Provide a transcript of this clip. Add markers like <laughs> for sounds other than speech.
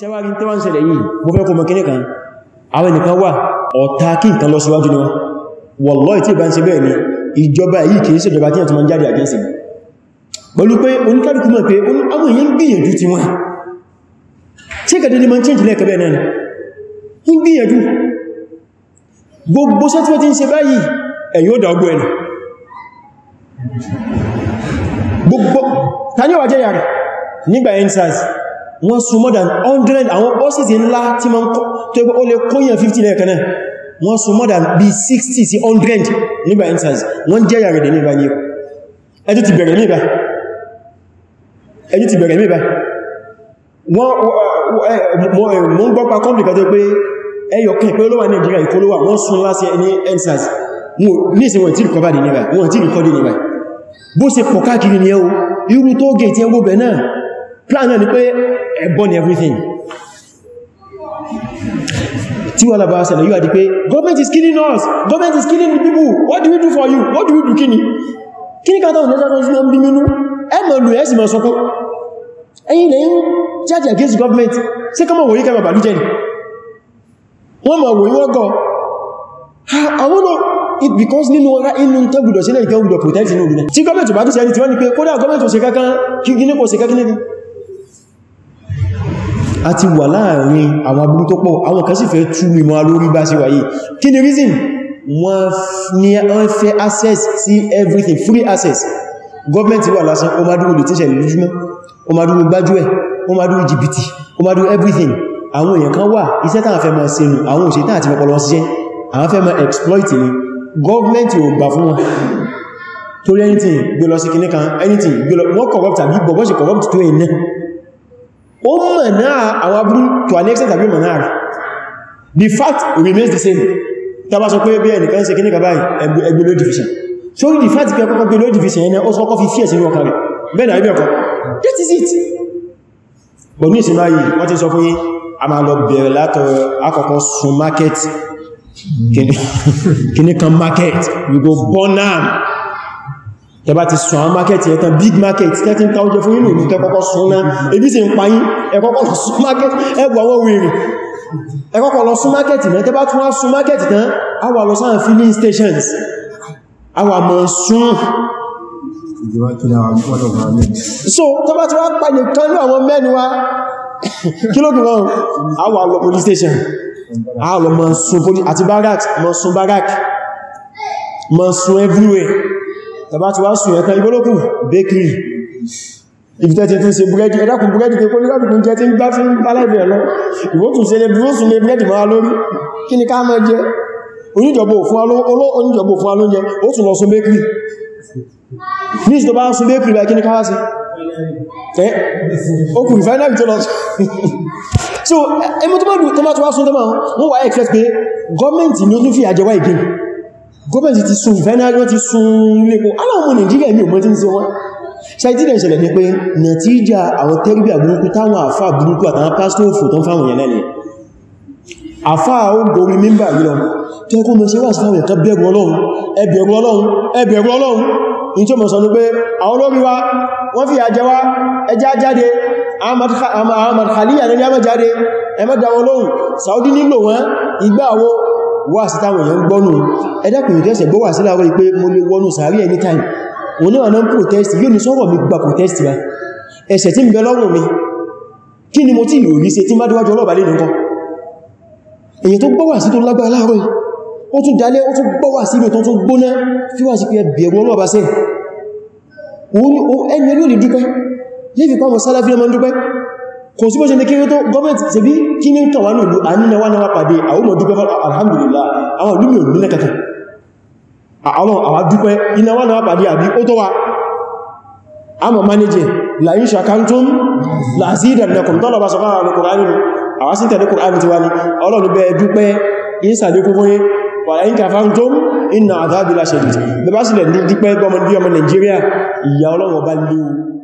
sẹ́wàrí tí wọ́n ń ṣẹlẹ̀ yìí mo fẹ́ kó mọ̀ kíní kan àwọn ẹnìkan wà ọ̀tá kí nǹkan lọ síwájú ni wọ́n wallahi tí ìbá ń ṣe bẹ́ẹ̀ ni ìjọba yìí kìí ṣèjọba tí ẹ̀tùmọ̀ jáde àgẹ́sì pẹ̀lú pé oníkàdùkú mọ̀ pé àwọn èèyàn gbìyànjú ti wọ́n tí kẹ̀dẹ̀ ni ma ń change lẹ́ẹ̀kẹ́ bẹ́ẹ̀ náà ń gbìyànjú gbogbo sẹ́tíwọ́ ti ń ṣe báyìí ẹ̀yìn ó dà ọgbọ́ ẹ̀nà gbogbo ta ní ọwà jẹ́ yàrá nígbà ensas wọ́n sun more than 100 àwọn ọ́sìsì ńlá tí ma ń kọ́ tó ẹgbẹ́ ó lè kóyàn 50 lẹ́ẹ̀kan náà wọ́n sun more than bí 60 sí 100 nígbà instance wọ́n jẹ́ yàrẹ̀ ní ìbá ní ẹjú ti bẹ̀rẹ̀ mìíbá ẹjú ti bẹ̀rẹ̀ mìíbá wọ́n gbọ́pa complicated pé ẹyọ kan pé olówà Nigeria ìkólówà wọ́n sun lásì ẹni instance ní ìsìn wọ́n tí rìkọ́ bá dì níbà wọ́n tí rìkọ́ dì níbà bó ṣe pọ̀ káàkiri ni ẹ o irú tó gẹ̀ẹ́tì ẹgbó bẹ̀ náà plan náà ni pé ẹ̀bọ́ ni everything tí wọ́n lábára sẹ̀lẹ̀ yíò àti pé government is killing us government is killing people what do we do for you what do we do kíni kíni káta ọ̀nà ẹ̀sọ́ ìsinmi ń bí mínú ẹmọ̀ lù ẹ̀sì mọ̀ sọ́kọ́ ẹ̀yìn lẹ́yìn charge against government sí kọmọ̀ wòyí kẹwàá bàlújẹ́ ni wọ́n mọ̀ wòyí wọ́n gọ́ àwọn náà it becomes nínú ọ̀rá inú tẹ́gbùdọ̀ sílẹ̀ ìkẹ́gbùdọ̀ protect inú olùlẹ̀ tí gọ́ọ̀mẹ̀tì bá tó sẹ́ni tí wọ́n ni pé kódà gọ́ọ̀mẹ̀tì ò ṣe kankan kí gíní kò ṣe kankan a ti wà láàrin àwọn aburú tó pọ̀ àwọn kan sì fẹ́ tú mímọ̀ lórí bá sí wáyé kí ni reason wọ́n ní wọ́n fẹ́ access sí everything free access government wà lásán ó máa dúró lòtíṣẹ̀ lójúmọ́ ó máa dúró gbájú ẹ̀ ó máa dúró jìbìtì ó máa dúró everything àwọn èèyàn kan wà iṣẹ́ tàà fẹ́ máa ṣe nù àwọn òṣèlú tàà ti pọpọlọ ṣiṣẹ́ àwọn fẹ́ máa exploit ni government ò gbà fún wọn torí anything gbé lọ sí kìnnìkan anything gbé lọ wọ́n corrupt àbí bọ̀bọ́ corrupt tó èèyàn ó mọ̀ náà àwọn aburú to an extent àbí mọ̀ náà rẹ̀ the fact remains the same tí a bá sọ pé bí ẹnìkan ṣe kí ní kàbá ẹgbẹ́ ló division so the fact kí ọkọ̀ gbé ló division ẹni ó sọ kọ́ fi fíẹ̀ sínú ọkàn rẹ̀ bẹ́ẹ̀ náà ibi ọkọ̀ that is it but ní ìsinmi ayé wọ́n ti sọ fún yín a máa lọ bẹ̀rẹ̀ látọ̀ akọ̀kọ́ sun market kìnnìkan <laughs> market we go burn am ẹba ti sùn àwọn market yẹn tán big market tẹ́tí ń ta oúnjẹ fún inú ìlú tẹ́kọ́kọ́ sún náà ebi sì ń payí ẹkọ́kọ́ lọ sún market ẹgbù àwọn wèrè ẹkọ́kọ́ lọ sún market náà tẹ́bá tún wá sún market tán a wà lọ sáà filling stations a wà mọ̀ sún so tẹ́bá tún wá pàdé tán ní àwọn mẹ́ni wá kílógún wọn a wà lọ police station a lọ mọ̀ sún àti barracks mọ̀ sún barracks mọ̀ sún everywhere tàbá ti wá sùn ẹ̀kan ìgbólókùn bakery ibi tẹ́ ti tún ṣe búrẹ́dì ẹ̀dàkùn búrẹ́dì pé kólígbàbìkún jẹ́ tí ń gbá fi ń bá láìbẹ̀ ẹ̀ lọ ìwótún se lè búrósùn lè búrẹ́dì máa lórí kí ni ká mọ́ jẹ́ oníjọ̀bọ̀ fún alóúnjẹ ó tún lọ sún bakery ní ìsìtò bá ń sún bakery bá kí ni ká wá sí ẹ́ okùn refinery tó lọ so ẹmú tó bá dùn tó bá tún wá sún tó máa wọ́n wà expect pé gọ́ọ̀mẹ́ntì ni ó tún fi àjẹwà ìgbìn gọ́ọ̀mẹ̀ntì ti sun ìfẹ́nàjọ́ ti sun ilépo aláwọn ọmọ Nàìjíríà ní òmọ́ tí ń ṣe wọ́n ṣàìtílẹ̀ ìṣẹ̀lẹ̀ ní pé nàtíjà àwọn tẹ́rìbíà burúkú táwọn àfà burúkú àtàwọn pásítọ̀fù tó ń fáwọn èèyàn lẹ́nìí àfà ó gorí mímbà yìí lọ tó ẹkùn mọ́ sí wà sí fáwọn ẹ̀kọ́ bẹ̀rù Ọlọ́run ẹbẹ̀rù Ọlọ́run ẹbẹ̀rù Ọlọ́run in tí ó mọ̀ sọ ní pé àwọn olórí wa wọ́n fi àjẹ wá ẹjá jáde àwọn madkhaliya ní ẹmọ́ jáde ẹmọ́ dáwọn lóhun Saudi nílò wọn ìgbà àwọn wà sí táwọn èèyàn gbọ́nù ẹ̀dàkùn ìjẹsẹ̀ gbọ́wà sí láwọ́ ìpé mo lè wọnú sàárì anytime òun náà náà protest yóò ní sọ́rọ̀ mi gba protest wa ẹ̀ṣẹ̀ tí ń bẹ lọ́rùn mi kí ni mo tí yóò rí ṣe tí má díwájú ọlọ́bàá lè nìkan èyàn tó gbọ́wà sí tó lágbà láàárọ̀ ó tún dalẹ́ ó tún gbọ́wà sí tó tún gbóná fi wà sí pé ẹbẹ̀rún ọlọ́bàá sẹ́ ẹni ẹni ò lè dúpẹ́ lè fi pàwọn sálàfí ọmọ dúpẹ́ kò sí bó ṣe ní kéré tó gọ́ọ̀mẹ́ntì ṣe bí kí ní kàwà ní ìlú àníyànwà náà pàdé àwọn ọmọ dúpẹ́ alhamdulillah àwọn ìlú mi ò nílẹ̀ kankan àwọn àwà dúpẹ́ ìnáwà náà pàdé àbí ó tọ́wà àmà manager láyín ṣàkántún lásìdàdàkùn tọ́lọ̀bá sọ fáwọn alùkùnrin àwọn sí tẹ̀lé kùnrin ti wá ní ọlọ́run